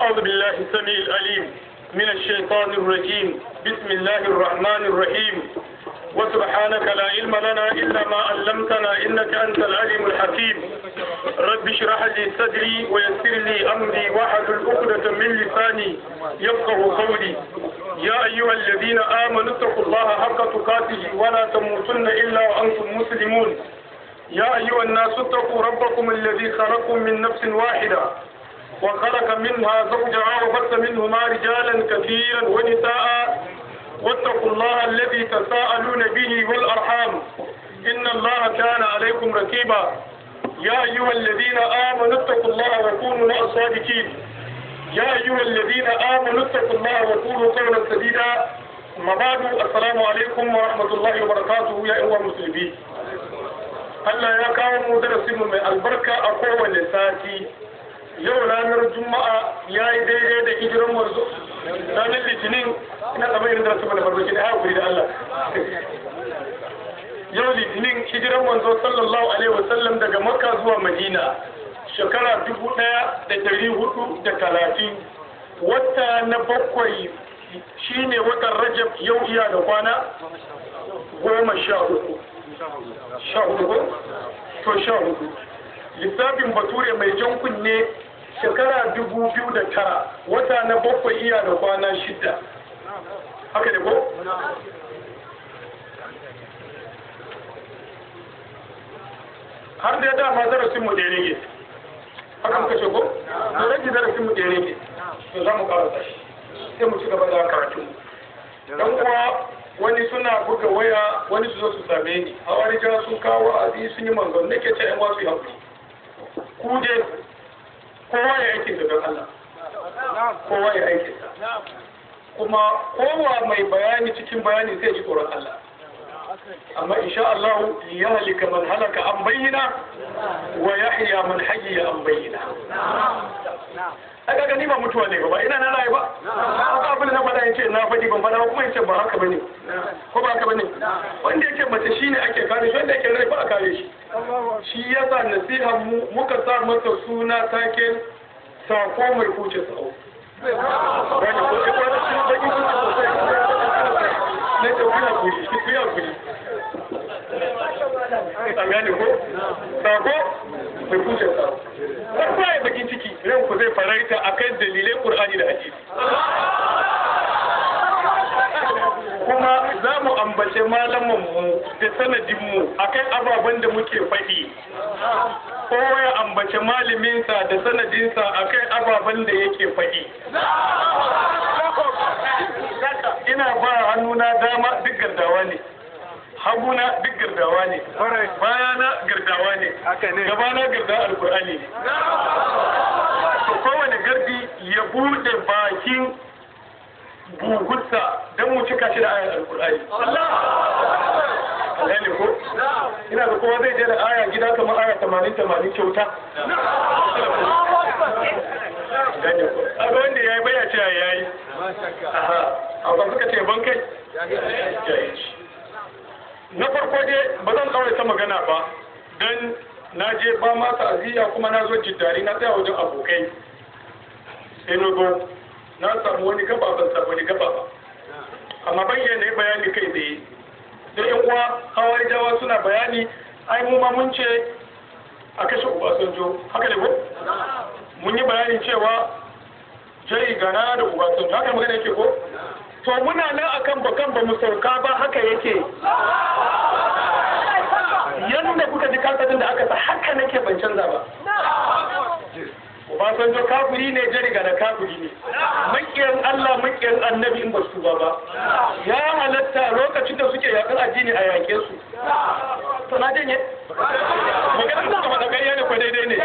أعوذ بالله السميع العليم من الشيطان الرجيم بسم الله الرحمن الرحيم وسبحانك لا علم لنا إلا ما علمتنا إنك أنت العليم الحكيم رب اشرح لي صدري ويسر لي أمري واحد عقدة من لساني يفقه قولي يا أيها الذين آمنوا اتقوا الله حق تقاته ولا تموتن إلا وأنتم مسلمون يا أيها الناس اتقوا ربكم الذي خلقكم من نفس واحدة وخلق منها زوجها وبث منهما رجالا كثيرا ونساء واتقوا الله الذي تساءلون به والأرحام إن الله كان عليكم ركيبا يا أيها الذين آمنوا اتقوا الله وكونوا مع الصادقين يا أيها الذين آمنوا اتقوا الله وقولوا قولا سديدا ما بعد السلام عليكم ورحمة الله وبركاته يا أيها المسلمين الله يا kawo mu من البركه اقوى albarka yau ranar juma'a ya yi daidai da hijiran marzo ranar litinin ina zama irin da saboda mana farmaki da haƙuri da Allah yau litinin hijiran manzo sallallahu alaihi wasallam daga makka zuwa madina shekara dubu ɗaya da ɗari hudu da talatin wata na bakwai shine watan rajab yau iya da kwana goma sha uku sha uku to sha hudu lissafin bature mai jan kunne shekara dubu biyu da tara wata na bakwai iya da kwana shida haka ne ko? har da ya dama zarafin mu ɗaya ne, haka muka ce ko? da rage zarafin mu ɗaya ne, to za mu ƙara tashi sai mu ci gaba da karatu dan kuwa wani suna buga waya wani su zo su same ni a wani sun kawo azi sun yi manzon nake ce yan wasu hakuri ku dai kowa ya aikin da don Allah kowa ya aikin kuma kowa mai bayani cikin bayani sai ji tsoron Allah amma insha Allah ya halika man halaka an bayyana wa yahya man hayya an bayyana ai kaga ni ba mutuwa ne ba ina na rayu ba haka abin da na faɗa yace na faɗi ban faɗa kuma yace ba haka bane ko ba haka bane wanda yake mace shine ake kare shi wanda yake rai ba a kare shi shi yasa nasiha mu muka sa masa suna take sako mai huce sau wani ko ki fara shi baki huce sosai ne ta wuya kuri ki wuya kuri an gane ko sako mai kuce ba ya bakin ciki ran ku zai faraita akan dalilai ƙur'ani da hadisi kuma za mu ambace malaman mu da sanadin mu akan ababen da muke faɗi kowa ya ambace malaminsa da sanadinsa akan ababen da yake faɗi ina ba hannuna dama duk gardawa ne haguna duk gardawa ne bayana gardawa ne gabana garda alkur'ani ne kowane gardi ya bude bakin bugunsa don mu cika shi da ayar alkur'ani ko ina da kowa zai je da aya gida kamar aya tamanin tamanin kyauta ga wanda ya yi baya cewa ya yi a ba suka ce ban kai na farko dai ba zan kawai ta magana ba don na je ba ma aziya kuma na zo jiddari na tsaya wajen abokai sai na go na samu wani gaba ban samu wani gaba ba amma bayyana ya bayani kai tsaye da yan uwa hawai jawa suna bayani ai mu ma mun ce a kashe ubasanjo haka ne ko mun yi bayanin cewa jari gana da ubasanjo haka magana yake ko to muna nan akan bakan ba mu sauka ba haka yake yadda kuka ji kasafin da aka sa haka nake ban canza ba Ba Obasanjo kafiri ne jariga da kafiri ne makiyar Allah makiyar annabi in ba su ba ba ya halatta lokacin da suke yakar addini a yake su to na janye magana da ne ko daidai ne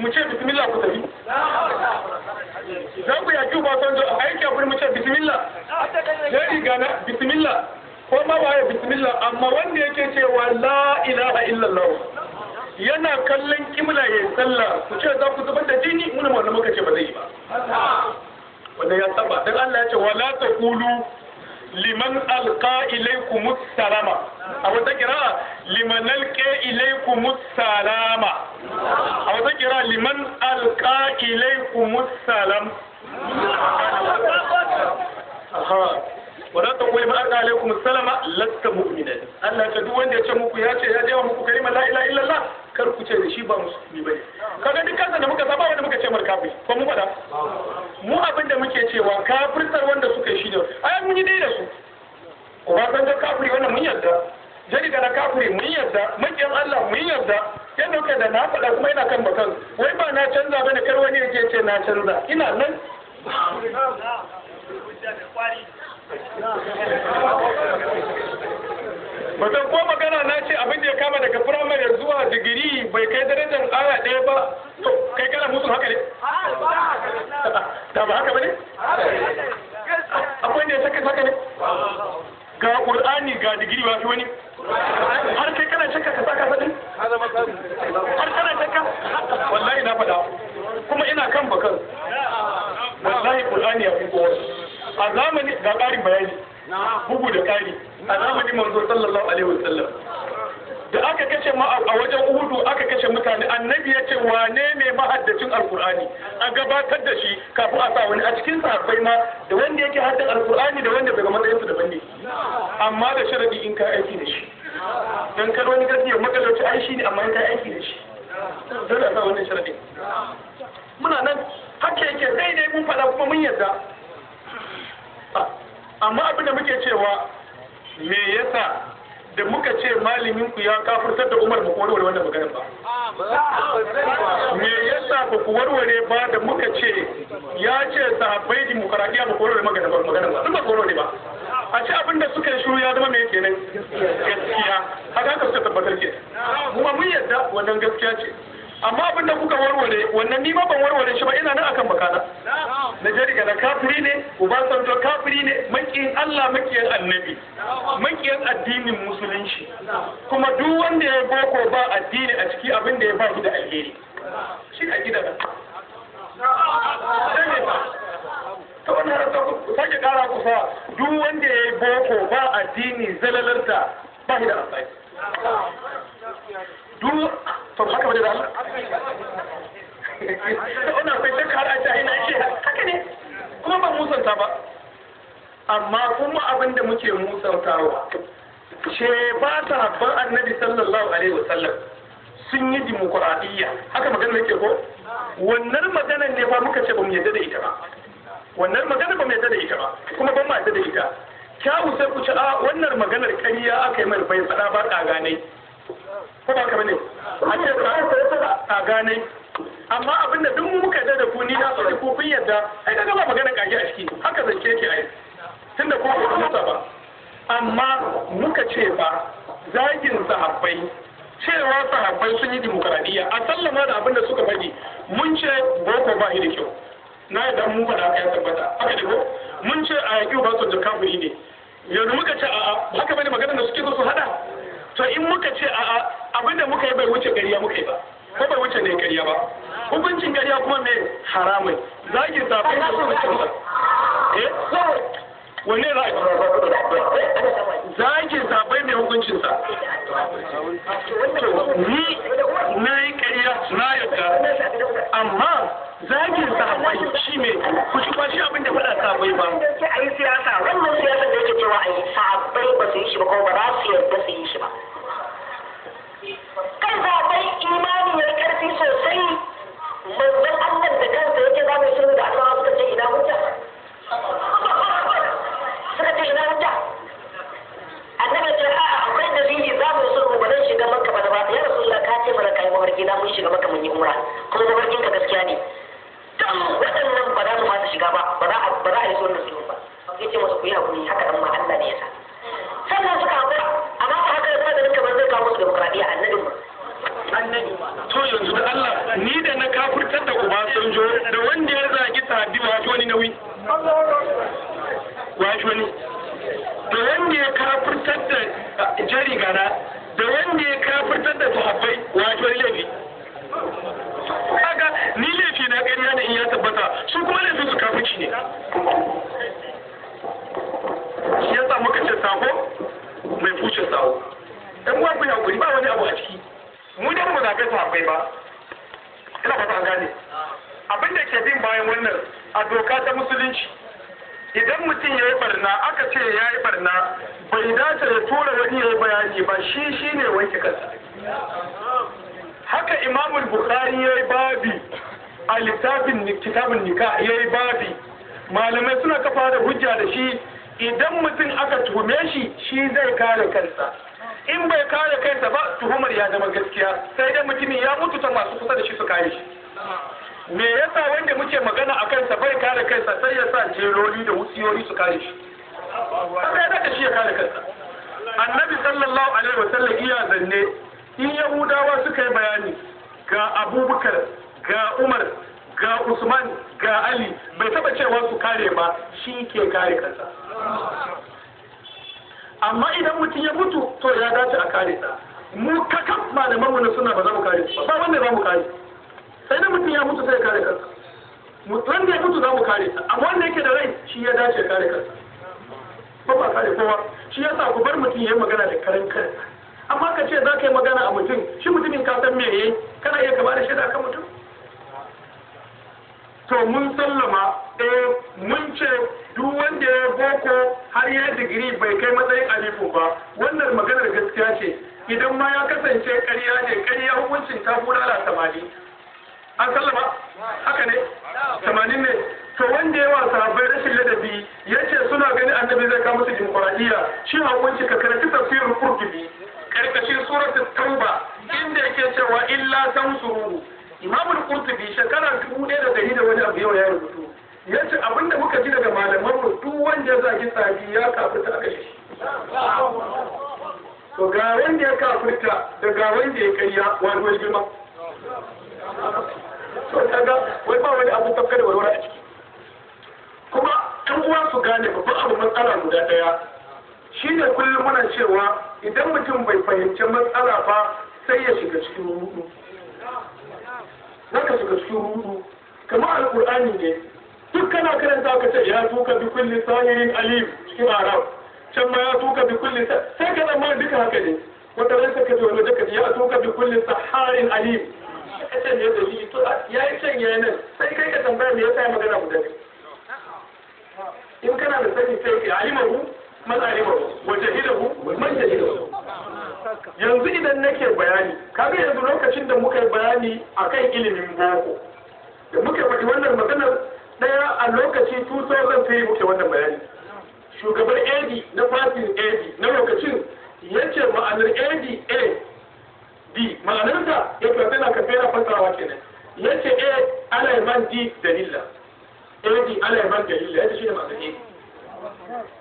mu ce bismillah ku tafi za ku yaki ba sanjo a aiki abin mu ce bismillah ya riga na bismillah ko ma ba ya bismillah amma wanda yake cewa la ilaha illallah yana kallon kimla ya sallah ku ce za ku zubar da jini muna malamu ka ce ba zai yi ba wannan ya saba dan Allah ya ce wala taqulu liman alqa ilaykum salama a wata kira liman alqa ilaykum salama a wata kira liman alqa ilaykum salam wala ta koyi ma'aka alaikum salama lasta mu'mina Allah ta duk wanda ya ce muku ya ce ya jewa muku kalimar la ilaha illallah kar ku ce shi ba musulmi bane kaga duk kansa da muka saba wanda muka ce mar kafir ko mu fada mu abin da muke cewa kafirtar wanda suka yi shi ne ai mun yi dai da su ko ba san da kafiri wannan mun yarda Jari da na kafiri mun yarda makiyan Allah mun yarda yadda kuka da na faɗa kuma ina kan bakan wai ba na canza bane kar wani yake ce na canza ina nan mutum ko magana na ce abin da ya kama daga firamare zuwa digiri bai kai darajar aya ɗaya ba to kai kana musu haka ne da ba haka ba ne Akwai da ya shakka haka ne ga ƙur'ani ga digiri ba fi wani har kai kana shakka ka saka sadi har kana shakka wallahi na faɗa kuma ina kan bakan wallahi ƙur'ani ya fi kowa a zamani ga ƙarin bayani bugu da ƙari a zamani manzo sallallahu alaihi wasallam da aka kashe ma a wajen uhudu aka kashe mutane annabi ya ce wane ne mahaddacin alkur'ani a gabatar da shi kafin a sa wani a cikin sahabbai ma da wanda yake haddan alkur'ani da wanda daga matsayinsu su daban ne amma da sharadi in ka aiki da shi dan kar wani gaskiya makalauci ai shi ne amma in ka aiki da shi dole a sa wannan sharadi muna nan haka yake sai dai mun faɗa kuma mun yarda amma abin da muke cewa me yasa da muka ce malamin ku ya kafurtar da Umar ba ku warware wannan maganar ba me yasa ba ku warware ba da muka ce ya ce sahabbai dimokuraɗiyya ba ku warware maganar ba duk ba ku warware ba a ce abin da suka shiru ya zama mai kenan gaskiya haka haka suka tabbatar ke kuma mun yadda wannan gaskiya ce amma abin da kuka warware wannan ni ma ban warware shi ba ina nan akan bakana na jari ga kafiri ne santo kafiri ne makiyin Allah makiyin annabi makiyin addinin musulunci kuma duk wanda ya boko ba addini a ciki abin da ya ba shi da alheri shi ka gida ba ta wannan rasa ku sake kara kusa duk wanda ya yi boko ba addini zalalarta ba shi da amfani amma kuma abin da muke musautawa ce ba ta habban annabi sallallahu alaihi wasallam sun yi dimokuraɗiyya haka magana yake ko wannan magana ne ba muka ce ba mu yadda da ita ba wannan magana ba mu yadda da ita ba kuma ba mu yadda da ita kyawu sai ku ce a wannan maganar ƙarya aka yi mai bai faɗa ba tsaganai. ne ko ba ka bane a ce ta gane amma abin da duk muka yadda da ku ni na so ku kun yadda ai kaga ba maganar ƙage a ciki haka zance yake ai tunda ko kusa ba amma muka ce ba zagin sahabbai cewa sahabbai sun yi dimokuraɗiyya a sallama da abin da suka faɗi mun ce boko ba da kyau na yadda mun faɗa aka ya tabbata haka da ko mun ce a yaƙi ba su da kafiri ne yanzu muka ce a'a haka bane magana da suke so su haɗa to in muka ce a'a abin da muka yi bai wuce gariya muka yi ba ko bai wuce ne gariya ba hukuncin gariya kuma me haramai zagin sahabbai da suka ce wanne za a zagin zabai mai hukuncinsa ni na yi ƙarya na yadda amma za zagin zabai shi ne ku ci kwashi abin da faɗa sabai ba a yi siyasa wannan siyasa da yake cewa a yi sabai ba su yi shi ba kuma ba za su yarda su yi shi haka imamul bukhari ya yi babi a littafin kitabin nika ya yi babi malamai suna kafa da hujja da shi idan mutum aka tuhume shi shi zai kare kansa in bai kare kansa ba tuhumar ya zama gaskiya sai dai mutumin ya mutu ta masu kusa da shi su kare shi me yasa wanda muke magana a kansa bai kare kansa sai ya sa jeloli da wutsiyoyi su kare shi sai da shi ya kare kansa annabi sallallahu alaihi wasallam iya zanne in yahudawa suka yi bayani ga abubakar ga umar ga usman ga ali bai taba cewa su kare ba shi ke kare kansa amma idan mutum ya mutu to ya dace a kare ta mu kakan malaman na suna ba za mu kare ba wanda za mu kare sai da mutum ya mutu sai ya kare kansa mutum da ya mutu za mu kare ta amma wanda yake da rai shi ya dace kare kansa ba ba kare kowa shi yasa ku bar mutum ya magana da karan kansa amma ka ce za ka yi magana a mutum shi mutumin ka san meye kana iya ka bada shaida kan mutum to mun sallama eh mun ce duk wanda ya boko har ya digiri bai kai matsayin alifu ba wannan maganar gaskiya ce idan ma ya kasance ƙarya ne ƙarya hukuncin ta bulala samani an sallama haka ne tamanin ne to wanda yawa sahabbai rashin ladabi ya ce suna ganin annabi zai kawo musu dimokuraɗiyya shi hukunci ka karanci tafsirin kurkubi karkashin suratul tauba inda yake cewa illa tansuru imam al-qurtubi shekara 1100 da wani abu yau ya rubutu yace abinda muka ji daga malaman mu duk wanda ya zagi tsabi ya kafirta aka shi to ga wanda ya kafirta da ga wanda ya kariya wani wani girma to kaga wai ba wani abu tafka da warwara a ciki kuma ɗan uwa su gane babban abu matsala guda ɗaya shi ne kullum muna cewa idan mutum bai fahimci matsala ba sai ya shiga cikin rudu zaka shiga cikin rudu kamar alkur'ani ne duk kana karanta ka ce ya tuka bi kulli sahirin alim cikin arab can ma ya tuka bi kulli sai ka zama duka haka ne wata ran ka ce wani daga ya tuka bi kulli saharin alim ka ce ne da shi to ya yi can yayin nan sai kai ka tambaya me yasa magana mu dare. in kana da sani sai ka alimahu man alimahu man jahilahu yanzu idan nake bayani kaga yanzu lokacin da muka yi bayani akan ilimin boko da muka faɗi wannan maganar daya a lokaci 2003 muke wannan bayani shugaban AD na fatin AD na lokacin yace ma'anar AD A D ma'anarsa ya fata na kafe na fasarawa kenan yace A alaiman D dalila AD alaiman dalila yace shi ne ma'anar A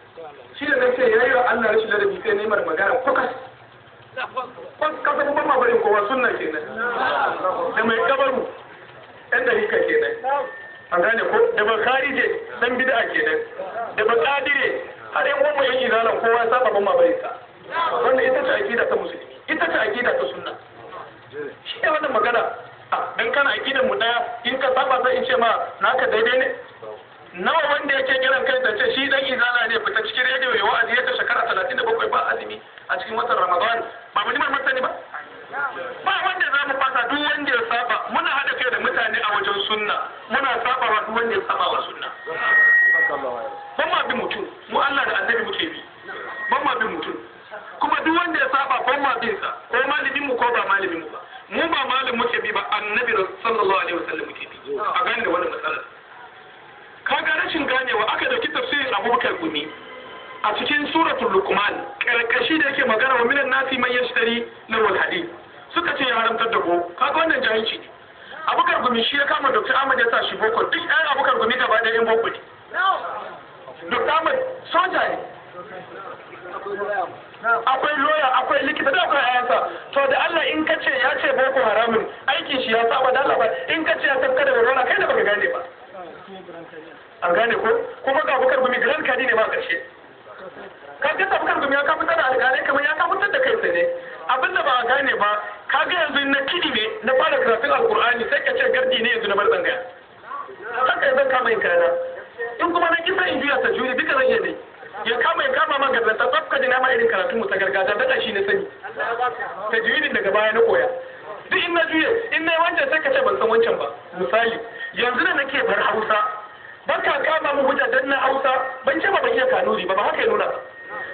shi da nake yayi wa Allah rashin ladabi sai neman magana kwakas kasa kuma ma bari kowa sunna kenan da mai kabaru ɗan dalika kenan an gane ko da ba kharije dan bid'a kenan da ba qadire har yan uwan yi izalan kowa saba ban ma bari sa wannan ita ce akida ta musulmi ita ce akida ta sunna shi ne wannan magana ah, dan kana akidan mu daya in ka saba sai in ce ma naka daidai ne nawa wanda yake kiran kai da ce shi dan izala ne fita cikin rediyo ya wa'azi ya ta shekara 37 ba azumi a cikin watan Ramadan ba mu liman ne ba ba wanda za mu fasa duk wanda ya saba muna hada kai da mutane a wajen sunna muna saba wa duk wanda ya saba wa sunna ban ma bi mutum mu Allah da annabi muke bi ban ma bi mutum kuma duk wanda ya saba ban ma bin sa ko malibin mu ko ba malibin mu ba mu ba malibin muke bi ba annabi sallallahu alaihi wasallam muke bi a gane da wannan matsalar kaga rashin ganewa aka dauki tafsirin abubakar gumi a cikin suratul luqman karkashi da yake magana wa minan nasi man yashtari lawal hadi suka ce ya haramtar da ko kaga wannan jahilci ne abubakar gumi shi ya kama dr ahmad ya sa shi boko duk ɗan abubakar gumi gaba da yan boko ne dr ahmad soja ne akwai loya akwai likita da akwai ayansa to da Allah in ka ce ya ce boko haramun aikin shi ya saba da Allah in ka ce ya tafka da barona kai da baka gane ba an gane ko kuma ga bukar gumi grand kadi ne ma karshe ka ga tabkar gumi ya fitar da alƙalai kamar ya fitar da kansa ne abin da ba a gane ba ka ga yanzu na kidi ne na fara karatun alkur'ani sai ka ce gardi ne yanzu na bar tsangaya ka ya zan kama yin kayana in kuma na kisa in juya ta juri duka zan iya ne ya kama ya kama man gazanta tsaf ka jina ma irin karatun mu ta gargajiya daga shi na sani ta juridin daga baya na koya duk in na juya in na yi wancan sai ka ce ban san wancan ba misali yanzu da nake bar hausa ban ka kama mu hujja dan na Hausa ban ce ba ban iya kanuri ba ba haka ya nuna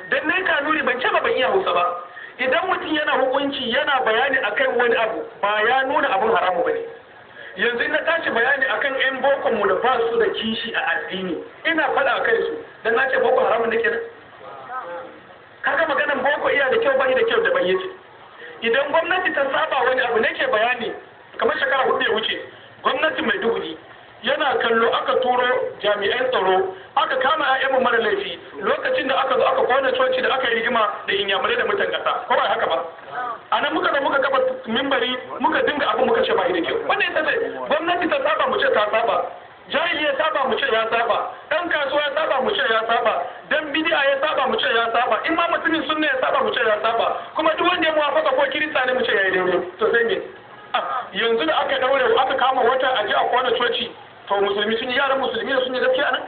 dan na kanuri ban ce ba ban iya Hausa ba idan mutum yana hukunci yana bayani akan wani abu ba ya nuna abun haramu bane yanzu na tashi bayani akan yan boko mu da ba su da kishi a addini ina faɗa a kai su dan na ce boko haramun nake nan kaga maganan boko iya da kyau bani da kyau da ban yace idan gwamnati ta saba wani abu nake bayani kamar shekara hudu ya wuce gwamnati mai duhu ne. yana kallo aka turo jami'an tsaro aka kama ya'yan mara laifi lokacin da aka zo aka kwana coci da aka yi rigima da inyamurai da mutan gasa ko ba haka ba a nan muka da muka kafa mimbari muka dinga abu muka ce ba da kyau wannan ita ce gwamnati ta saba mu ce ta saba jahili ya saba mu ce ya saba dan kasuwa ya saba mu ce ya saba dan bidi'a ya saba mu ce ya saba in ma mutumin sunna ya saba mu ce ya saba kuma duk wanda ya muwafaka ko kirista ne mu ce ya yi daidai to sai ne ah, yanzu da aka daure aka kama wata aje a kwana coci to musulmi sun yi yaran musulmi da sun yi gaskiya nan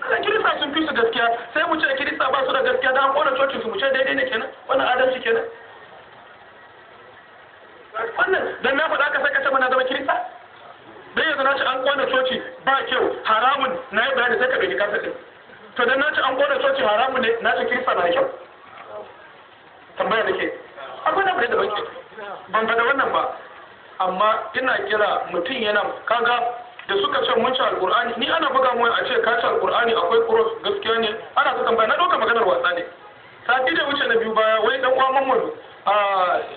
kan kirista sun fi su gaskiya sai mu ce kirista ba su da gaskiya da an kona cocin su mu ce daidai ne kenan wannan adalci kenan wannan dan na faɗa ka sai kace mana zama kirista dan yanzu na ce an kona coci ba kyau haramun na yi bayani sai ka bai kasa ɗin to dan na ce an kona coci haramun ne na ce kirista na kyau tambaya ke akwai na da ban ban ga da wannan ba amma ina kira mutum yana kaga da suka ce mun ci alkur'ani ni ana buga mu a ce ka ci alkur'ani akwai kuros gaskiya ne ana ta tambaya na doka maganar wasa ne sati da wuce na biyu baya wai dan uwa mamman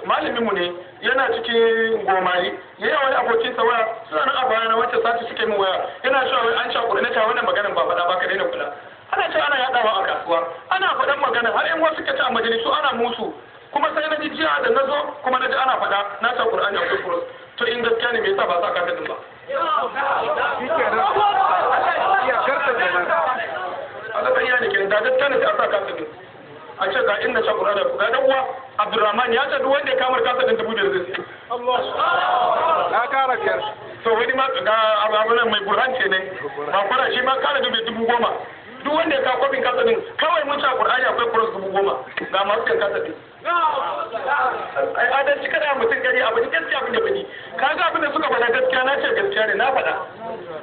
malamin mu ne yana cikin gomari yayi wani abokin sa waya suna nan a baya na wacce sati suke min waya yana cewa wai an ci alkur'ani ta wannan maganar ba faɗa ba ka daina kula ana ce ana yadawa a kasuwa ana faɗan maganar har yan wasu ci a majalisu ana musu kuma sai na ji jiya da na zo kuma na ji ana faɗa na ci alkur'ani akwai kuros to in gaskiya ne me yasa ba sa ka ba a ce ga inda shakura da kuka dan uwa Abdulrahman ya ce duk wanda ya kamar kasa din dubu biyar zai sai Allah na kara biyar to wani ma ga abubuwan mai burhan ce ne ba fara shi ma kara dubu dubu goma duk wanda ya kawo kofin kasa din kawai mun ci a Qur'ani akwai kuros dubu goma ga masu kan kasa din ai adalci kada mutum gari abu ne gaskiya abin da bani kaga abin da suka faɗa gaskiya na ce gaskiya ne na faɗa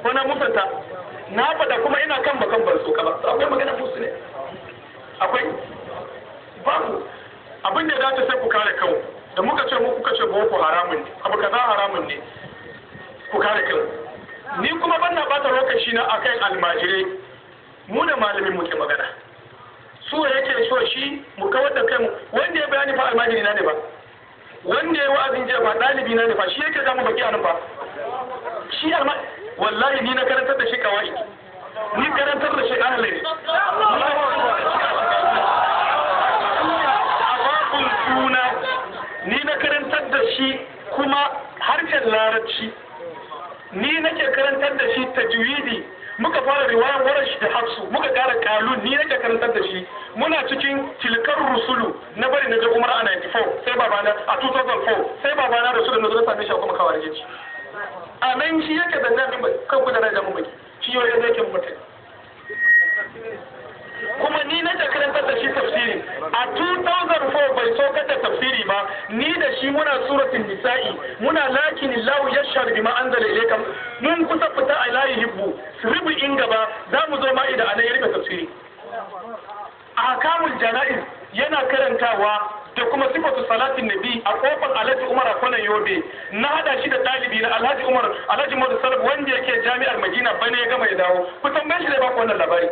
ko na musanta na faɗa kuma ina kan bakan ban so ba akwai magana musu ne akwai babu abin da dace sai ku kare kanku da muka ce mu muku kace boko haramun ne abu kaza haramun ne ku kare kanku ni kuma ban na bata lokaci na akan almajirai mu da malamin muke magana Su ya yake so shi mu kawar da kai mu wanda ya bayani fa almajiri na ne ba wanda ya wa'azin jiya ba ɗalibi na ne fa shi yake zamu baki a nan fa shi alma wallahi ni na karantar da shi kawai ni karantar da shi ahlai ababun suna ni na karantar da shi kuma harshen larabci ni nake karantar da shi tajwidi muka fara riwayan shi da hafsu muka kara kalun ni nake karantar da shi muna cikin tilkar rusulu na bari na je umar a 94 sai babana a 2004 sai babana na su da nazo same shi kuma kawar shi a nan shi yake da nan kan kudara da mun baki shi yau yake mutai kuma ni na ta karantar da shi tafsiri a 2004 bai so kata tafsiri ba ni da shi muna suratin nisa'i muna lakin illahu sharbi bima anzala ilayka mun kusa fita a layi hibbu ribu in gaba za mu zo ma'ida a nan ya rufe tafsiri ahkamul jana'iz yana karantawa da kuma sifatu salatin nabi a kofar alhaji umar kwanan yobe na hada shi da dalibi na alhaji umar alhaji umar salaf wanda yake jami'ar madina bane ya gama ya dawo kusan ban shi da baku wannan labari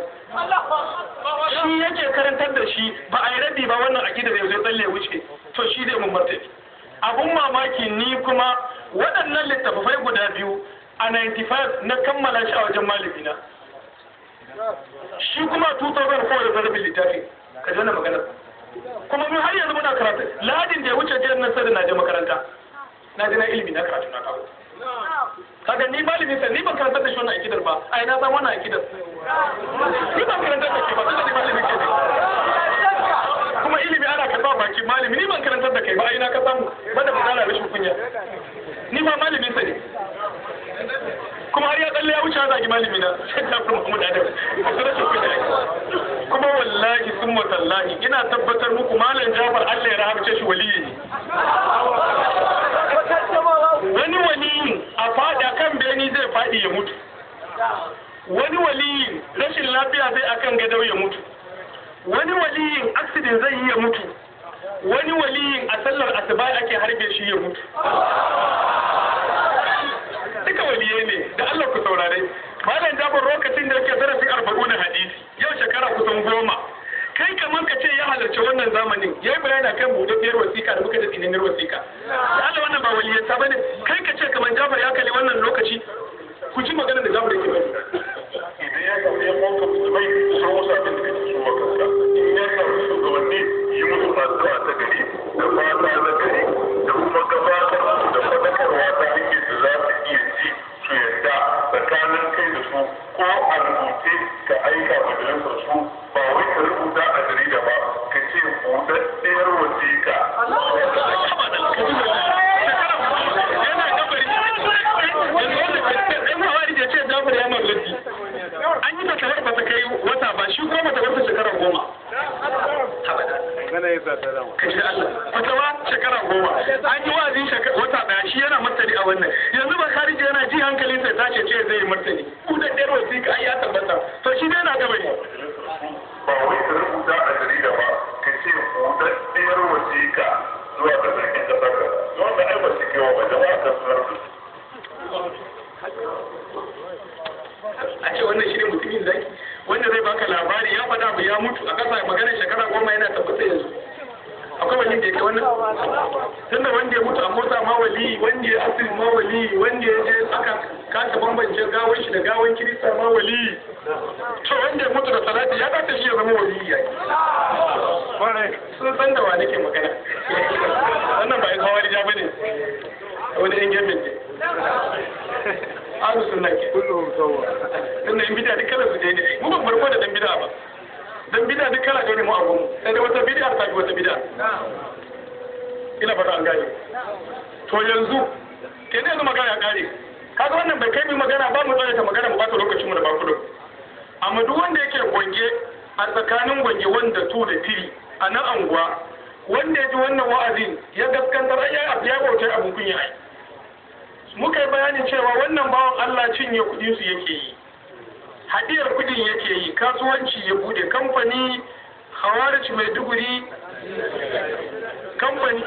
shi yake karantar da shi ba a yi rabi ba wannan akida da zai tsalle wuce to shi zai mun martabi abun mamaki ni kuma waɗannan littattafai guda biyu a 95 na kammala shi a wajen na shi kuma 2004 da zarabin littafi ka ji wannan magana? kuma mun har yanzu muna karatu ladin da ya wuce jiyar nasarar na je makaranta na je na ilimi na karatu na kawo kaga ni malami sai ni ban karanta da shi wannan akidar ba ai na san wannan akidar ni ban karanta da shi ba tunda ni malami ke ne kuma ilimi ana karba baki malami ni ban karanta da kai ba ai na ka samu bada magana rashin kunya ni ba malami sai ne kuma har ya tsalle ya wuce zagi malami na sai ta fara mu da kuma wallahi summa tallahi ina tabbatar muku malam Jafar Allah ya rahamce shi wali ne wani wani a fada kan beni zai fadi ya mutu wani wali rashin lafiya zai akan gadau ya mutu wani waliyin accident zai yi ya mutu wani waliyin a sallar asuba ake harbe shi ya mutu duka waliye ne da Allah ku saurare malam jabir lokacin da yake zarafin arba'un hadisi yau shekara kusan goma kai kamar ka ce ya halarci wannan zamanin yayi yi bayani kan buɗaɗɗiyar wasiƙa da muka da tsinaniyar wasiƙa da Allah wannan ba waliyarsa bane kai ka ce kamar jabir ya kalli wannan lokaci ku ji magana da jabir yake bane idan ya kalli ya mawka musulmai su san wasu da kake so wa bid'a duk kala ne mu a gurin wata bid'a ta wata bid'a ina fata an gane to yanzu kenan yanzu magana ya kare kaga wannan bai kai mu magana ba mu tsaya ta magana mu bata lokacin mu da bakudu amma duk wanda yake gwange a tsakanin gwange wanda tu da tiri a nan anguwa wanda ya ji wannan wa'azin ya gaskantar ai ya ya bautar abun kunya muka yi bayanin cewa wannan bawan Allah cinye kudin su yake yi hadiyar kudin yake yi kasuwanci ya bude kamfani hawarci mai duguri kamfani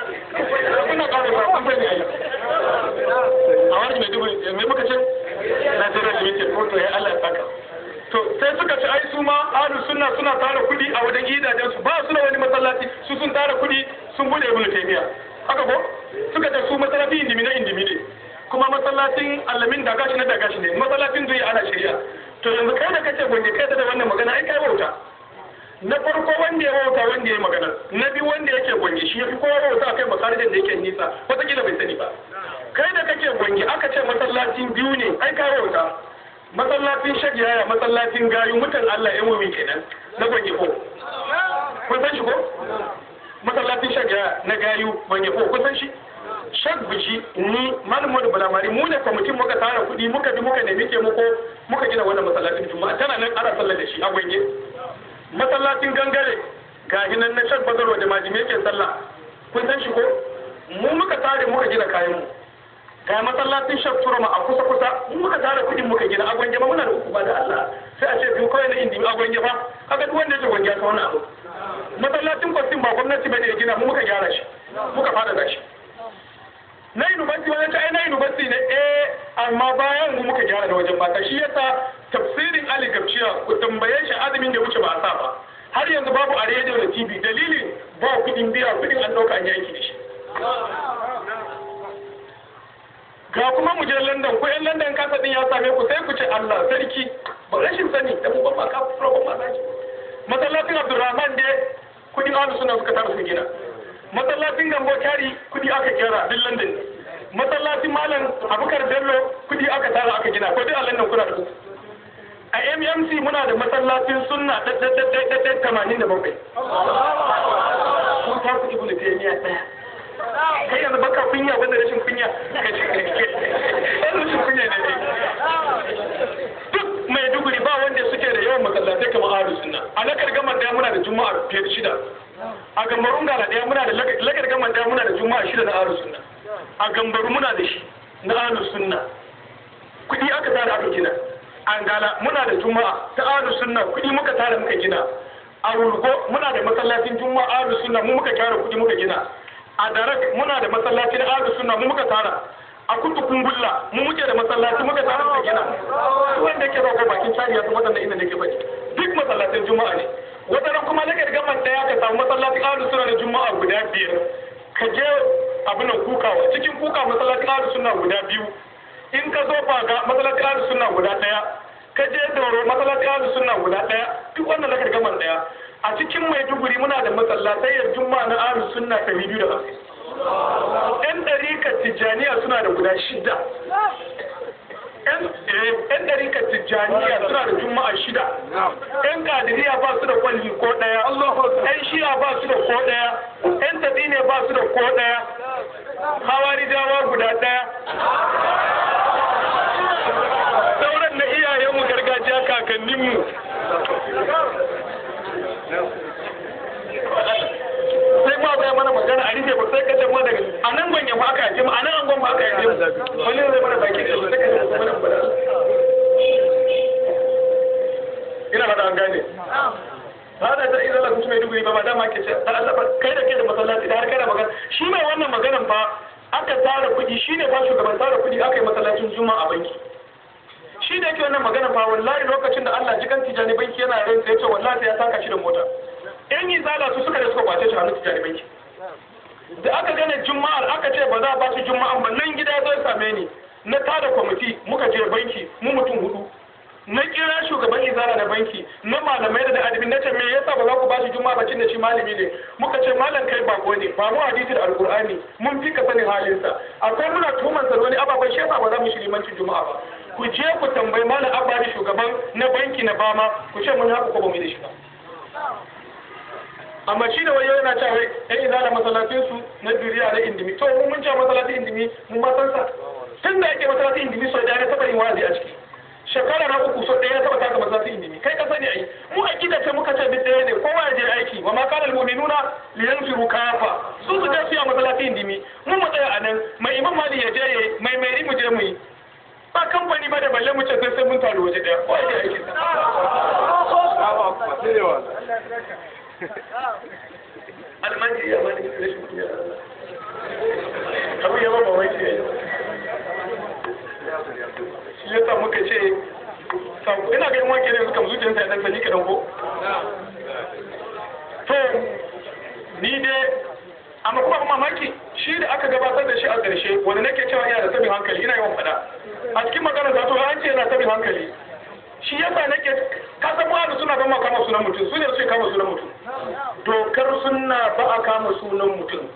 kuna kare ba kamfani yayi hawarci mai duguri eh, me muka ce Nigeria limited ko to ya eh, Allah ya saka to sai suka ci ai su ma alu suna suna tara kudi a wajen gidajen su ba su da wani masallaci su sun tara kudi sun bude ibnu taymiya haka ko suka ta su masallaci indimi na indimi ne kuma masallacin alamin da gashi na da gashi ne masallacin duyi ana shari'a to yanzu kai da kace gunje kai da wannan magana ai kai bauta na farko wanda ya bauta wanda ya magana na biyu wanda yake gunje shi yafi kowa bauta kai makarijin da yake nisa wataƙila bai sani ba kai da kake gunje aka ce masallacin biyu ne ai kai bauta masallacin shagiyaya masallacin gayu mutan Allah ya mumi kenan na gunje ko kun san shi ko masallacin shagiyaya na gayu gunje ko kun san shi Shak buji ni da bulamari mu ne kwamitin muka tara kuɗi muka bi muka nemi ke muku muka gina wannan masallacin juma'a tana nan ana sallah da shi a gwange masallacin gangare ga nan na shek bazarwa da majime ke sallah kun san shi ko mu muka tare muka gina kayan mu ga masallacin shak turma a kusa kusa mu muka tara kuɗin muka gina a gwange ba muna da uku ba da Allah sai a ce biyu kawai na indi a gwange ba kaga duk wanda yake gwange ya ta wani abu masallacin kwastin ba gwamnati bane ya gina mu muka gyara shi muka fada da shi na yi nubatsi wani ta na yi nubatsi ne eh amma bayan mu muka gyara da wajen fata shi yasa tafsirin Ali Gabciya ku tambaye shi azumin da wuce ba a sa ba har yanzu babu a rediyo da TV dalilin ba kuɗin biya kuɗin an dauka an yi aiki da shi ga kuma mu je London ko 'yan London kasa din ya same ku sai ku ce Allah sarki ba rashin sani da mu ba ma ka fura ba ma masallacin Abdulrahman dai kuɗin alu suna suka tara su gina masallacin gambo kari kudi aka kera duk london masallacin malam abubakar bello kudi aka tara aka gina ko duk a london kuna da a mmc muna da masallacin sunna ɗaɗɗaɗɗaɗɗaɗɗa tamanin da bakwai kun ta kuɗi bulu taimiya ɗaya kai yanzu baka kunya wanda rashin kunya ka ce ɗan rashin kunya ne duk mai maiduguri ba wanda suke da yawan masallatai kamar ahlus sunna a nakar gama daya muna da juma'a da shida a gambaru gala daya muna da lagar gama daya muna da juma'a shida na ahlus sunna a gambaru muna da shi na ahlus sunna kudi aka tara aka gina an gala muna da juma'a ta ahlus sunna kuɗi muka tara muka gina a Rurgo muna da masallacin juma'a ahlus sunna mu muka kyara kuɗi muka gina a darak muna da masallacin ahlus sunna mu muka tara a kudu kungulla mu muke da masallaci muka tara muka gina wanda ke zauka bakin cariya su waɗanda inda nake baki duk masallacin juma'a ne wata kuma na gargaman daya ka samu masallacin ahlus sunna da juma'a guda biyar ka je abin kukawa cikin kuka masallacin ahlus sunna guda biyu in ka zo faga masallacin ahlus sunna guda daya ka je doro masallacin ahlus sunna guda daya duk wannan na gargaman daya a cikin maiduguri muna da masallatai juma'a na ahlus sunna 250 'yan ka tijjaniya suna da guda shida 'yan ɗarikar eh, tijjaniya suna da juma'a shida 'yan kadiriya ba su da kwalli ko ɗaya 'yan shiya ba su da ko ɗaya 'yan tafi ne ba su da ko ɗaya hawari dawa guda ɗaya sauran na iyayenmu gargajiya kakanninmu kuma bai mana magana a rufe ba sai ka tafi daga a nan gwanye ba aka yaje a nan angon ba aka yaje mu wani zai mana baki da sai ka tafi mana fada ina fada an gane hada ta idan la kuma dubi ba dama ke ce ta Allah kai da ke da masallaci da har kai da magana shi mai wannan maganan fa aka tara kuɗi shi ne ba shugaban tara kuɗi aka yi masallacin juma'a a banki shi ne yake wannan magana fa wallahi lokacin da Allah jikan tijani banki yana rantsa yace wallahi ya saka shi da mota yan tsada su suka da suka kwace shi a nufi jarimanci da aka gane juma'ar aka ce ba za a ba su juma'ar ba nan gida zai same ni na tada kwamiti muka je banki mu mutum hudu na kira shugaban izara na banki na malamai da adabi na ce me yasa ba za ku shi juma'a ba cin da shi malami ne muka ce malam kai ba ko ne ba mu da alkur'ani mun fi ka halin halinsa akwai muna tuman sa wani ababai shi yasa ba za mu shi limancin juma'a ba ku je ku tambayi malam abba shugaban na banki na bama ku ce mun haka ko ba mu da shi ba amma shi da wayo yana cewa eh ina da masallacin su na duriya na indimi to mun ce masallacin indimi mun ma san sa tun da yake masallacin indimi so da ya taba yin wazi a ciki shekara na uku so ɗaya ya taba taka masallacin indimi kai ka sani ai mu a gida ce muka ce bi ɗaya ne kowa ya je aiki wa ma kana almu'minuna yanfiru kafa su su ga a masallacin indimi mu mu tsaya anan mai imam mali ya je mai mai mu je mu yi ba kamfani ba da balle mu ce sai mun taru waje ɗaya kowa ya je aiki almanci ya bani da shi mutu ya abu ya ba mawai ce shi ya sa muka ce ina ga yin wanke ne suka zuciyar sa ya dan sani kadan ko to ni dai amma kuma mamaki shi da aka gabatar da shi a ƙarshe wanda nake cewa yana da sabin hankali ina yawan faɗa a cikin maganar zato an ce yana sabin hankali shi yasa nake ka san ba suna ba ma kama sunan mutum su ne su kama sunan mutum dokar sunna ba a kama sunan mutum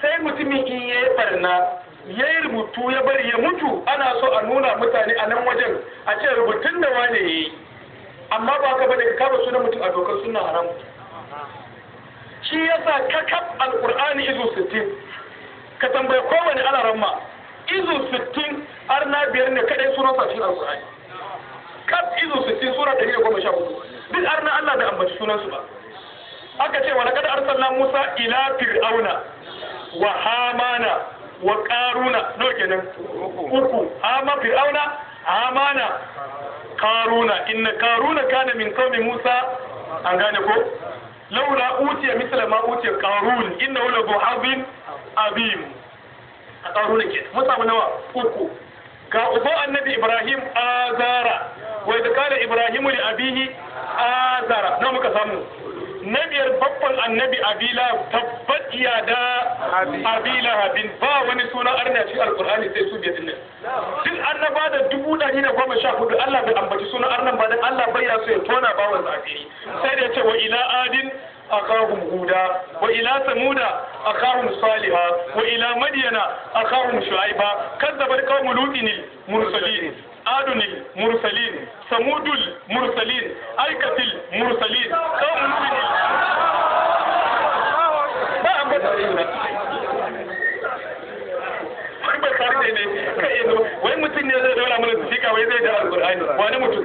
sai mutumin in ya yi barna ya yi rubutu ya bari ya mutu ana so a nuna mutane a nan wajen a ce rubutun da wane ya yi amma ba ka bane ka kama sunan mutum a dokar sunna haram shi yasa ka kaf alqur'ani izu 60 ka tambaye kowane alaramma izu 60 arna biyar ne kadai sunan sa cikin alqur'ani kaf izo 60 sura da 114 duk arna Allah da ambaci sunansu ba aka ce wa laqad arsalna Musa ila fir'auna wa hamana wa qaruna no kenan uku hama fir'auna hamana qaruna inna qaruna kana min qaumi Musa an gane ko laula utiya misla ma utiya qarun innahu la buhabin abim a qaruna ke mun samu nawa uku ga uba annabi Ibrahim azara wai da kala ibrahimu li abihi azara na muka samu na biyar babban annabi abila tabbat da abila habin ba wani suna arna ci Alkur'ani sai su biyar dinnan duk annaba da dubu ɗari da goma sha hudu Allah bai ambaci suna, arnan ba dan Allah bai ya so ya tona bawan zafiri sai da ya ce wa ila adin أخاهم هودا وإلى ثمود أخاهم صالحا وإلى مدين أخاهم شعيبا كذب القوم لوط المرسلين آدن المرسلين ثمود المرسلين أيكة المرسلين قوم نوح mutum ne zai dora mana sika wai zai da alqur'ani wani mutum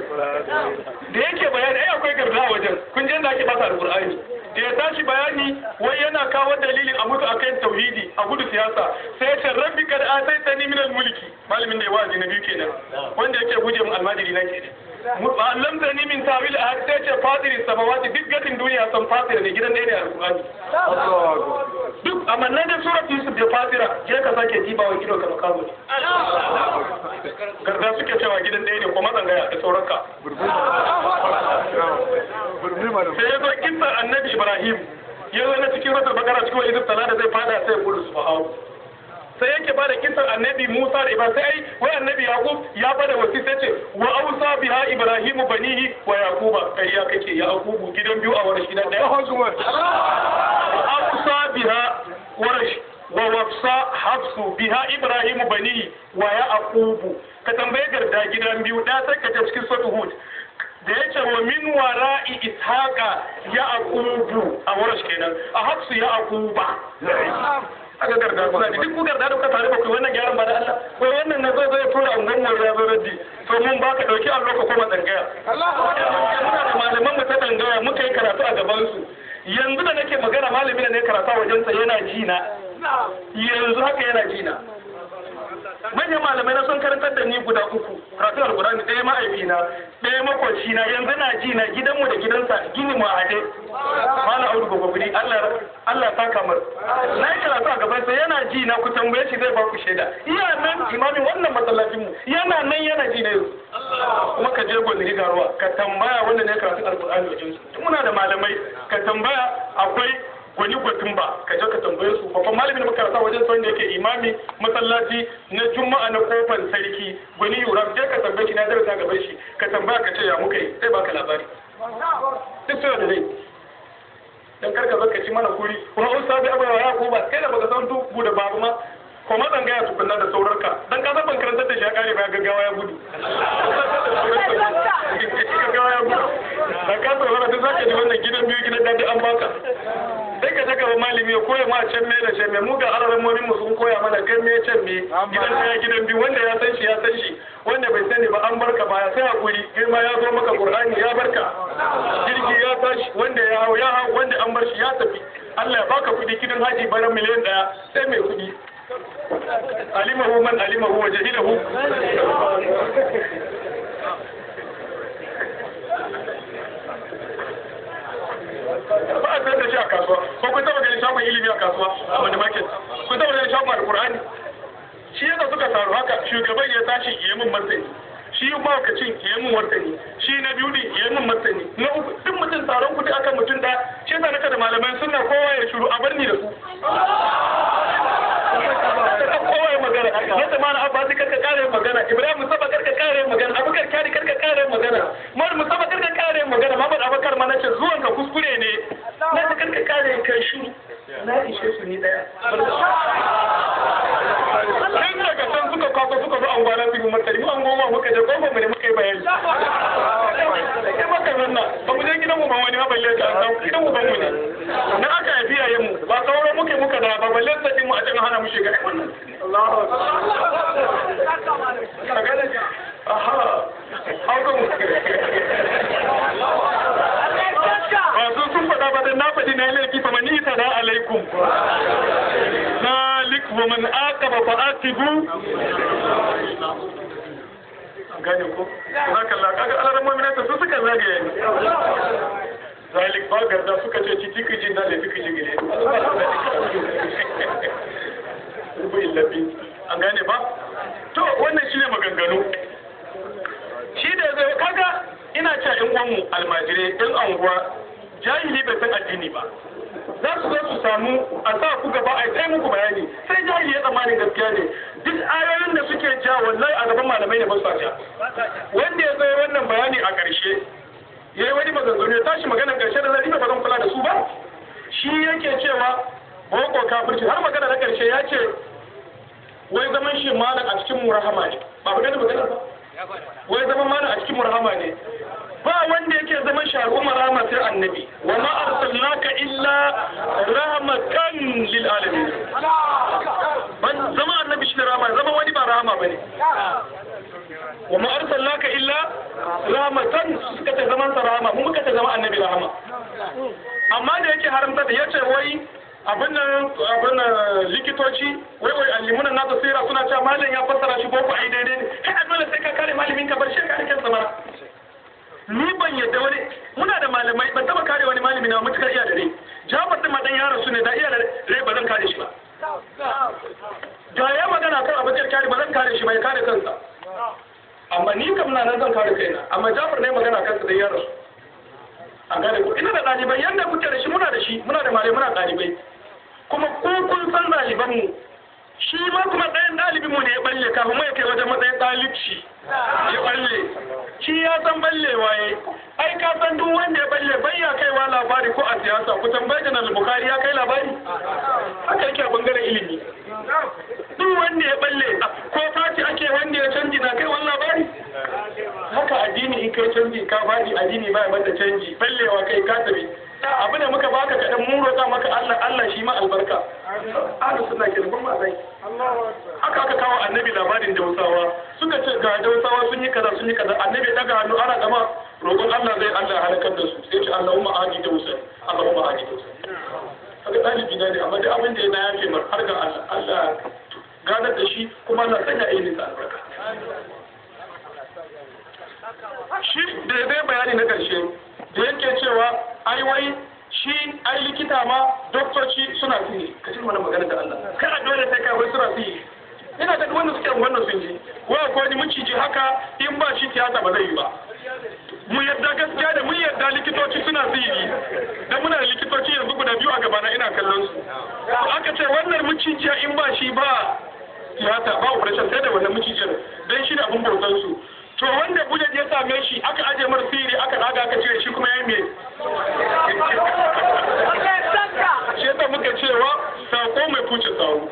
da yake bayani ai akwai garda wajen kun je da ake fasa da ya tashi bayani wai yana kawo dalilin a mutu akan tauhidi a gudu siyasa sai ce rabbi sai ataitani min mulki malamin da ya wa'azi na biyu kenan wanda yake guje mu almajiri na kenan ba lam da ni min tawil a hadda ce fadiri samawati duk gadin duniya san fadira ne gidan ɗaya ne alqur'ani duk amma nan da surati yusuf da fadira je ka sake jiba wa gidan ka makamu garda suke cewa gidan ɗaya ne ko matsangaya da sauran sai ya zo kinsa annabi ibrahim ya zo na cikin rasar bakara cikin wani talada zai fada sai ya gudu su fahawu sai yake bada kisan annabi Musa da Ibrahim sai ai wai annabi Yaqub ya bada wasi sai ce wa ausa biha Ibrahim banihi wa Yaquba kai ya kace ya Yaqubu gidan biyu a warashi na daya ausa biha warashi wa wafsa hafsu biha Ibrahim banihi wa Yaqubu ka tambaye garda gidan biyu da sai ka ta cikin sura Hud da ya ce wa min wara'i ishaqa ya aqubu a warashi kenan a hafsu ya aquba aka garda kuna ji duk ku garda da kuka tare ba ku wannan gyaran ba da Allah ko wannan na zo zai tura ungon mu ya zo raddi to mun ba ka dauki Allah ko kuma tsangaya Allah muna da malaman mu ta tsangaya muka yi karatu a gaban su yanzu da nake magana malami da ne karatu a wajen sa yana ji na yanzu haka yana ji na manyan malamai na sun karantar da ni guda uku karatun alkurani ɗaya ma'aikina ɗaya makwanci na yanzu na ji na gidanmu da gidansa gini mu haɗe mala auri gogoguri allah allah ta kamar na yi karatu a gaban sa yana ji na ku tambaye shi zai ba shaida iya nan imamin wannan masallacinmu yana nan yana ji na yau kuma ka je gwani garuwa ka tambaya wanda ne karatu alkurani wajen tun muna da malamai ka tambaya akwai gwani gwatin ba ka je ka tambaye su babban malamin makaranta wajen son da yake imami masallaci na juma'a na kofan sarki gwani yura je ka tambaye shi na darasa gaban shi ka tambaya ka ce ya muka yi sai baka labari duk da dai dan karka zaka ci mana kuri kuma ustazi abawa ya ko ba kai da baka san duk gudu babu ma ko ma zan gaya tukunna da saurarka dan ka ban karanta da shi ya kare ba gaggawa ya gudu gaggawa ya gudu da ka saurara duk zaka ji wannan gidan biyu gidan dadi an baka sai ka daga malami ya koya ma can me da can me mu ga araran momin mu sun koya mana kan me can me gidan ya gidan biyu wanda ya san shi ya san shi wanda bai sani ba an barka baya sai hakuri girma ya zo maka qur'ani ya barka jirgi ya tashi wanda ya hau ya hau wanda an bar shi ya tafi Allah ya baka kuɗi gidan haji bara miliyan ɗaya sai mai kuɗi alimahu man alimahu wa jahilahu ba a sayar da shi a kasuwa ko kun taba ganin shagon ilimi a kasuwa a wani market kun taba ganin shagon alkur'ani shi yasa suka taru haka shugaban ya tashi ya min martani shi mawakacin ya min martani shi na biyu ne ya min martani na uku duk mutum taron kudi akan mutum da shi yasa da malamai suna kowa ya shuru a bar da su yadda ma na abba karka kare magana ibrahim musamman karka kare magana abubakar kyari karka kare magana mar musamman karka kare magana mamad abubakar ma nace zuwan ka kuskure ne na ta karka kare kai shi na ishe su ne daya kan daga can suka kwaso suka zo an gwana su yi matsari mu an goma muka je goma mu ne muka yi bayani wannan ba mu je gidan mu ba wani ba balle ta san gidan mu ba mu ne na aka haifi yayin mu ba sauran muke muka da ba balle ta mu a can hana mu shiga ai wannan Allahu akbar aha sun faɗa na ذلك ومن آتب فآتبوا gane ko to haka Allah kaga alaran mu'mina su suka zage ni zalik ba garda suka ce ci tiki jin da tiki jin gile rubu illabi an gane ba to wannan shine maganganu shi da zai kaga ina cewa yan uwan mu almajire yan anguwa jahili bai san addini ba za su zo su samu a sa ku gaba a kai muku bayani sai jahili ya tsammanin gaskiya ne duk ayoyin da suke ja wallahi a gaban malamai ne ba su ja wanda ya zai wannan bayani a ƙarshe ya yi wani maganganu ya tashi maganar ƙarshe da zai ba zan kula da su ba shi yake cewa boko kafirci har magana na ƙarshe ya ce wai zaman shi malam a cikin mu rahama ne ba ku gani magana ba wai zaman malam a cikin mu rahama ne ba wanda yake zaman shi al'umma rahama sai annabi wa ma arsalnaka illa rahmatan lil alamin ban zama annabi shi rahama zama wani ba rahama bane wa ma arsalnaka illa rahmatan suka ta zaman sa rahama mun muka ta zama annabi rahma. amma da yake haramta da yace wai abin nan abin nan likitoci wai wai alimunan na tasira suna cewa malam ya fassara shi boko ai daidai ne kai dole sai ka kare malamin ka bar shi ka rike samara ni ban yadda wani muna da malamai ban taba kare wani malami na mutukar iya da rai jafar din madan yaron su ne da iya da rai ba zan kare shi ba da ya magana kan abin da kare ba zan kare shi ba ya kare kansa amma ni kam na nan zan kare kaina amma jafar ne magana kansa da yaron a gane ku ina da ɗalibai yadda kuke da shi muna da shi muna da malamai muna ɗalibai kuma ko kun san ɗaliban mu shi ma kuma ɗayan ɗalibin mu ne ya balle kafin ya kai wajen matsayin ɗalibci ya balle shi ya san balle waye ai ka san duk wanda ya balle bayya kaiwa labari ko a siyasa ku tambayi janar bukari ya kai labari haka yake a bangaren ilimi duk wanda ya balle ko fati ake wanda ya canji na kai wani labari haka addini in kai canji ka faɗi addini ba ya canji ballewa kai ka tafi abu ne muka baka kaɗan mun roƙa maka Allah Allah shi ma albarka ahlus sunna ke ban ma zai haka aka kawo annabi labarin dausawa suka ce ga dausawa sun yi kaza sun yi kaza annabi ya daga hannu ana gama roƙon Allah zai Allah halakar da su sai ce Allahumma aji dausa Allahumma aji dausa haka ɗalibi ne amma duk abin da ya na yafe mar har ga Allah Allah gadar da shi kuma Allah sanya ilimin albarka shi daidai bayani na ƙarshe da yake cewa ai wai shi ai likita ma doktoci suna sihiri ka ci mana magana da Allah a dole sai kai wai suna sihiri ina da wannan suke wannan sun ji wai ko ni miciji haka in ba shi tiyata ba zai yi ba mu yadda gaskiya da mun yadda likitoci suna ne. da muna da likitoci yanzu guda biyu a gabana ina kallon su aka ce wannan miciciya in ba shi ba tiyata ba operation sai da wannan micijiyar dan shi da abun bautan su to wanda bujan ya same shi aka aje mar siri aka zaga aka cire shi kuma ya me shi yasa muka cewa sako mai fuce sawo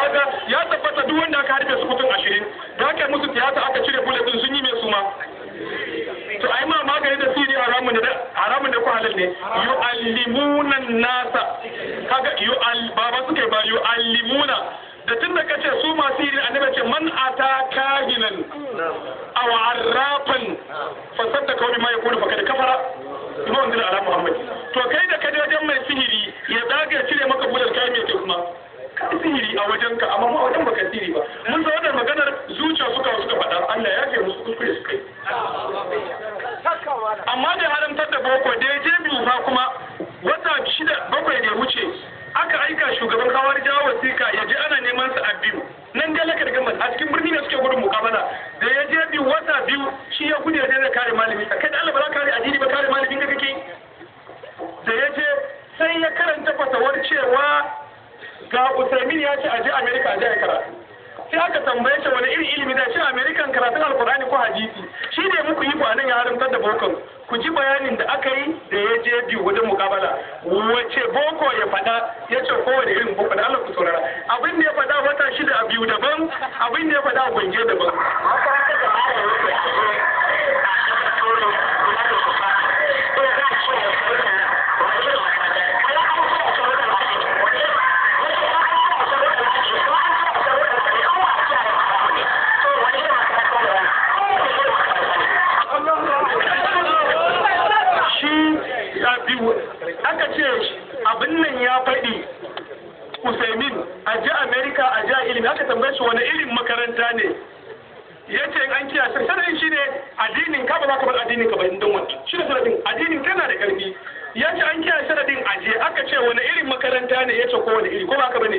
kaga ya tabbata duk wanda aka harbe su kutun ashirin da aka musu tiyata aka cire bulletin sun yi mai suma to ai ma magani da siri haramun da haramun da ku halal ne yu'allimuna nasa kaga yu'al baba suka ba yu'allimuna ata kahinan aw arrafan fa saddaka bima yaqulu fa kad kafara bima unzila ala muhammad to kai da kaje wajen mai sihiri ya zaga cire maka bulal kai mai ke kuma sihiri a wajen ka amma a wajen baka sihiri ba mun ga da maganar zuciya suka suka su wani irin makaranta ne ya ce an sai sanadin shi ne addinin ka ba za ka bar addinin ka ba don wani shi ne sanadin addinin kana da karfi ya ce an kiyashe sanadin aje aka ce wani irin makaranta ne ya ce ko wani iri ko ba ka bane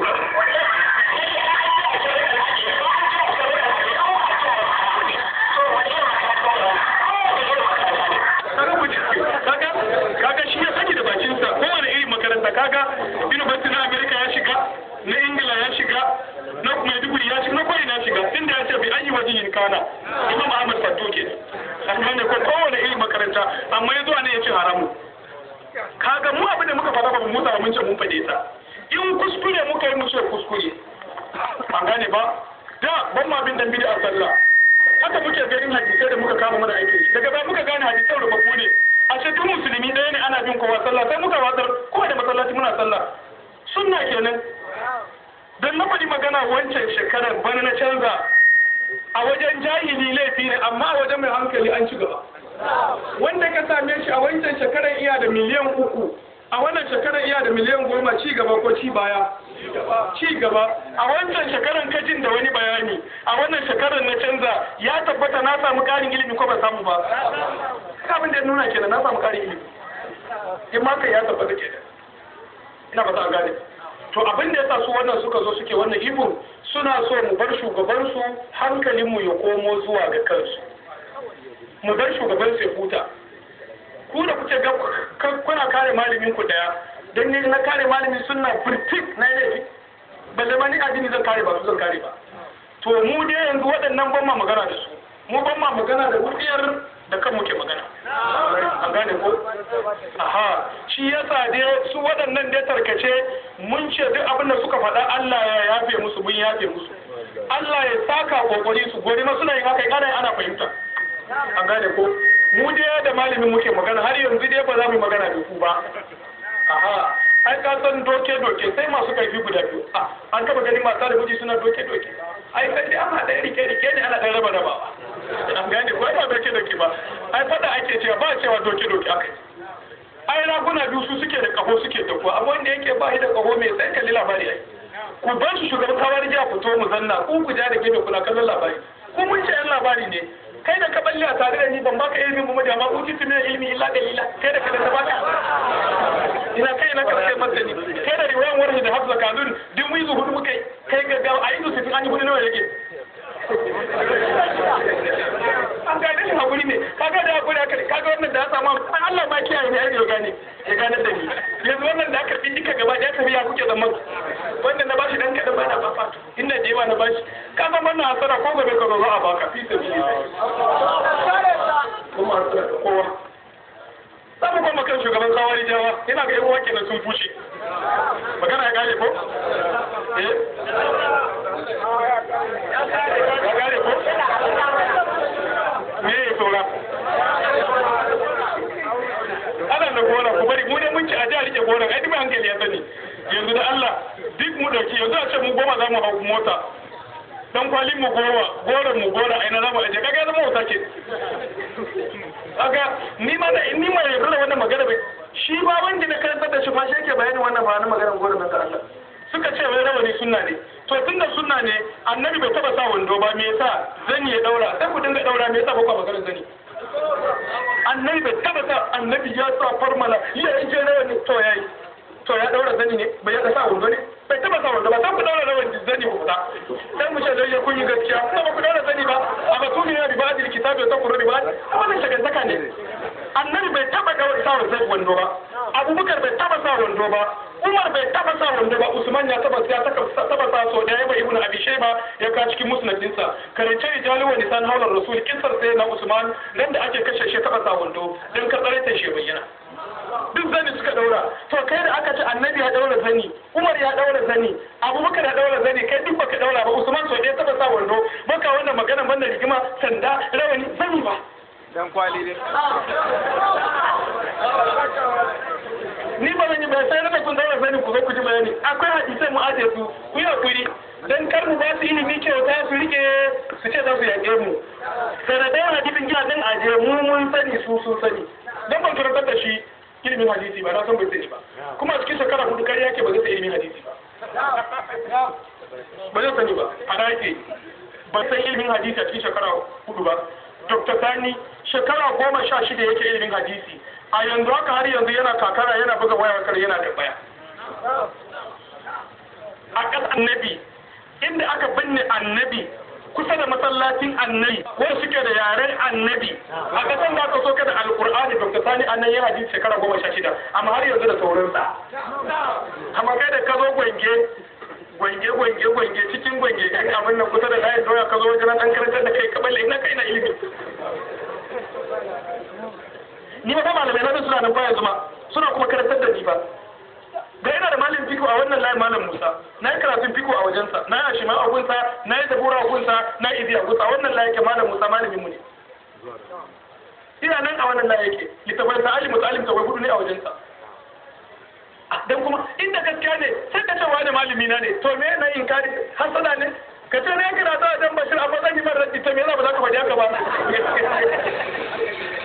kaza imam ahmad faddu ko kowane irin makaranta amma ya zuwa ne ya ce haramu kaga mu abin da muka faɗa ba mu samu mun ce mun faɗe ta in kuskure muka yi mu ce kuskure an gane ba da ban ma bin dambi a sallah haka muke ganin hadisai da muka kama mana aiki daga ba muka gane da babu ne a ce duk musulmi ɗaya ne ana bin kowa sallah sai muka watsar kowa da masallaci muna sallah sunna kenan dan na faɗi magana wancan shekarar bana na canza a wajen jahili laifi ne amma a wajen mai hankali an ci gaba wanda ka same shi a wancan shekarar iya da miliyan uku a wannan shekarar iya da miliyan goma ci gaba ko ci baya ci gaba a wancan shekarar kajin da wani bayani a wannan shekarar na canza ya tabbata na samu karin ilimi ko ba samu ba abin da nuna kenan na samu karin ilimi in ma kai ya tabbata kenan ina ba ta gane to abin da yasa su wannan suka zo suke wannan ibun suna so mu bar shugabansu hankalinmu ya komo zuwa ga kansu mu bar shugaban sai huta ku da kuke ga kuna kare malamin ku daya dan ne na kare malamin sunna furtik na ne ba zama ni addini zan kare ba su zan kare ba to mu dai yanzu waɗannan ban ma magana da su mu ban ma magana da wuriyar da kan muke magana an gane ko aha shi yasa dai su waɗannan dai tarkace mun ce duk abin da suka faɗa Allah ya yafe musu mun yafe musu Allah ya saka kokori su gori ma suna yin haka kana ana fahimta an gane ko mu dai da malamin muke magana har yanzu dai ba za mu magana da ku ba aha ai ka san doke doke sai masu kaifi guda biyu an taba ganin mata da miji suna doke doke ai sai dai amma da rike rike ne ana da raba raba an gane ko ba doke doke ba ai fada ake cewa ba cewa doke doke akai ai raguna biyu su suke da kaho suke ko amma wanda yake ba da kaho mai sai kalli labari ai ku bar su shugaban kawar jiya fito mu zanna ku ku ja da gefe kuna kallon labari ku mun ce yan labari ne kai da ka balle a tare da ni ban baka ilimin kuma da ma uti mai ilimi illa dalila kai da kada ba ka ina kai ina ka kai masa ni kai da riwayan warhi da hafza kanun din mu zuhud muka kai Kai ga a yi su an yi hudu nawa yake an ga dalilin hakuri ne kaga da hakuri aka kaga wannan da ya samu Allah ma kiyaye ne ya gane ya gane da ni yanzu wannan da aka bindika gaba ya tafi ya kuke zaman wanda na bashi dan kadan bana ba fa inda da yawa na bashi ka san wannan asara ko gobe ka zo a baka fi sabi kuma kowa zamu kuma kan shugaban kawari jawa ina ga yan uwa kenan sun fushi magana ya gane ko eh ya gane ko me ya saura wannan gora ku bari mu ne mun ci a jari ke gora ai dima hankali ya sani yanzu da Allah duk mu dauki yanzu a ce mu goma za mu hau mota dan kwalin mu goma gora mu gora ai na za mu aje kaga ya zama wata ke kaga ni ma ni ma ya da wannan magana bai shi ba wanda na karanta da shi fa shi yake bayani wannan ba na maganar goron da Allah suka ce wai rawani sunna ne to tun da sunna ne annabi bai taba sa wando ba me yasa zan ya daura sai ku dinga daura me yasa ba ku maganar zani annabi bai taba sa annabi ya sa farmala ya yi je rawani to ya yi to ya daura zani ne bai ya sa wando ne bai taba sa wando ba san ku daura rawani zani ba fita sai mu ce ya kun yi gaskiya kuma ku daura zani ba a ba tuni ya riba da kitabi ya takuru riba wannan shagantaka ne annabi bai taba daura sa wando ba abubakar bai taba sa wando ba Umar bai taba sa wanda ba Usman ya taba ya taba sa so da yaba ibnu Abi Shayba ya ka cikin musnadin sa karance rijalu wa nisan hawlar rasul kissar sai na Usman nan da ake kashe shi taba sa wando dan ka tsare ta shi bayyana duk zani suka daura to kai da aka ce annabi ya daura zani Umar ya daura zani Abubakar ya daura zani kai duk baka daura ba Usman so da ya taba sa wando baka wannan magana banda rigima sanda rawani zani ba dan kwali dai ni ba zan yi ba sai rana kun da sani ku zai ku ji bayani akwai hadisai mu aje su ku yi hakuri dan kar mu ba su ilimi kyauta su rike su ce za su yaƙe mu sanadai hadisin gina dan aje mu mun sani su sun sani dan ban karantar da shi ilimin hadisi ba na san bai sai ba kuma a cikin shekara hudu kariya ke ba zai sai ilimin hadisi ba ba zai sani ba a ke ba san ilimin hadisi a cikin shekara hudu ba dr sani shekara goma sha shida yake ilimin hadisi a yanzu haka har yanzu yana kakara yana buga waya kar yana da baya a ƙas annabi inda aka binne annabi kusa da masallacin annabi ko suke da yaren annabi a kasan da aka ka da alƙur'ani dr sani annan yana jin shekara goma sha shida amma har yanzu da sa amma kai da ka zo gwange gwange gwange gwange cikin gwange ɗan abin nan kusa da layin doya ka zo wajen ɗan karantar da kai kabal ina kai na ilimi ni wata malamai na suna nan baya zuma suna kuma karantar da ni ba ga ina da malin fiko a wannan layin malam Musa na yi karatun fiko a wajensa na yi ashima a gunsa na yi dabura a gunsa na yi izi a gunsa wannan layi ke malam Musa malamin mu ne ina nan a wannan layin ke littafai ta alimu ta alimu ta wai hudu ne a wajensa dan kuma inda gaskiya ne sai ka ce wani malami na ne to me na in kari, hasada ne ka ce ne kira ta dan bashir a matsayin marar ta me yana ba za ka faɗi haka ba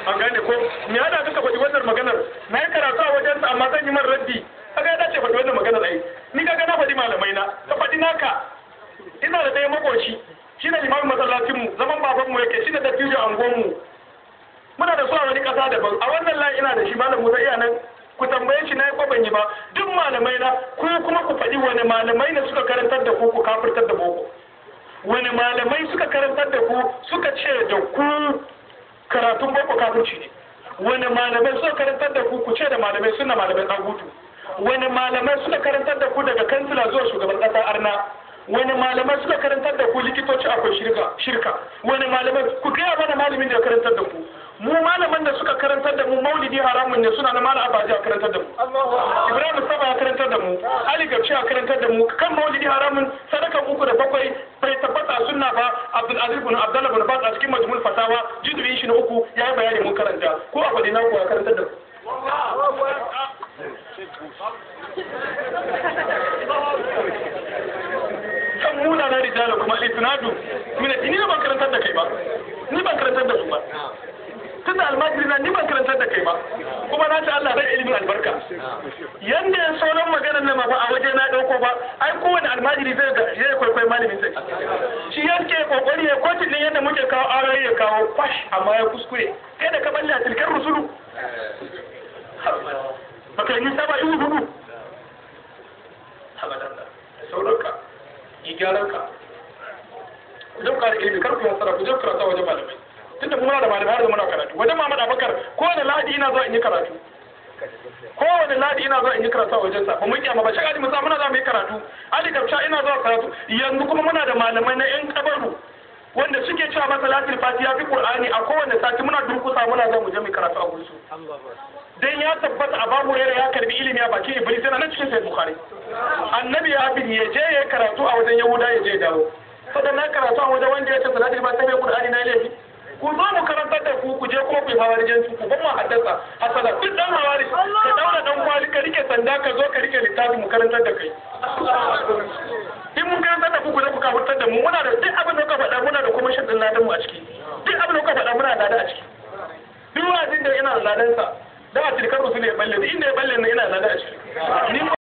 an gane ko me hada ka faɗi wannan maganar na yi karatu a wajensa amma zan yi man raddi ga ya dace faɗi wannan maganar ai ni ga na faɗi malamai na ka faɗi naka ina da ɗaya makoci shi ne limamin masallacinmu zaman babanmu yake shi ne dattijo mu muna da su a wani ƙasa daban a wannan layi ina da shi malam musa iya nan ku tambaye shi na yi kwaban yi ba duk malamai na ku kuma ku faɗi wani malamai ne suka karantar da ku ku kafirtar da boko wani malamai suka karantar da ku suka ce da ku karatun boko kafirci ne wani malamai suna karantar da ku ku ce da malamai suna malamai tsagutu wani malamai suna karantar da ku daga kansila zuwa shugaban kasa arna wani malamai suka karantar da ku likitoci akwai shirka wani malamai ku gaya mana malamin da ya karantar da ku mu malaman da suka karantar da mu maulidi haramun ne suna na malam abaji a karantar da mu ibrahim saba ya karantar da mu ali gabci a karantar da mu kan maulidi haramun sadakan uku da bakwai bai tabbata sunna ba abdul aziz bin abdullah bin baz a cikin majmul fatawa juzbi shi na uku ya yi bayani mun karanta ko a fadina ko a karantar da mu kan muna na rijala kuma al-isnadu min ni ban karantar da kai ba ni ban karantar da su ba tunda almajiri na ni ban karantar da kai ba kuma na ta Allah zai ilimin albarka yanda ya sauran maganar nan ba a waje na dauko ba ai kowane almajiri zai ga zai kwaikwai malamin sai shi yake kokari ya koti din yanda muke kawo arayi ya kawo kwash amma ya kuskure kai da ka balla tilkar rusulu baka yi saba yi hudu sauranka yi gyaranka zai kare ilimin karku ya tsara ku zai ta waje malamai tunda muna da malamai har da muna karatu wajen Muhammad ko wani ladi ina zuwa in yi karatu wani ladi ina zuwa in yi karatu a wajen sa mun kiyama ba shaka musa muna za mu yi karatu Ali Kabsha ina zuwa karatu yanzu kuma muna da malamai na yan kabaru wanda suke cewa masalatul fatiha fi qur'ani a kowane sati muna durkusa muna za mu je mu karatu a gurin su dan ya tabbata a babu yare ya karbi ilimi a bakin iblis yana nan cikin sai bukhari annabi ya bin ya je ya karatu a wajen yahuda ya je dawo sadan na karatu a wajen wanda ya ce salatul fatiha fi qur'ani na laifi ku zo mu karantar da ku ku je ko ku hawar jinsu ku kuma haddasa hasala duk dan hawari ka daura dan kwali ka rike sanda ka zo ka rike littafi mu karantar da kai in mun karantar da ku ku je ku kafartar da mu muna da duk abin da ka faɗa muna da kuma shaɗin ladan mu a ciki duk abin da ka faɗa muna da a ciki duk wajin da yana da ladansa da a cikin rusul ya balle inda ya balle na yana da a ciki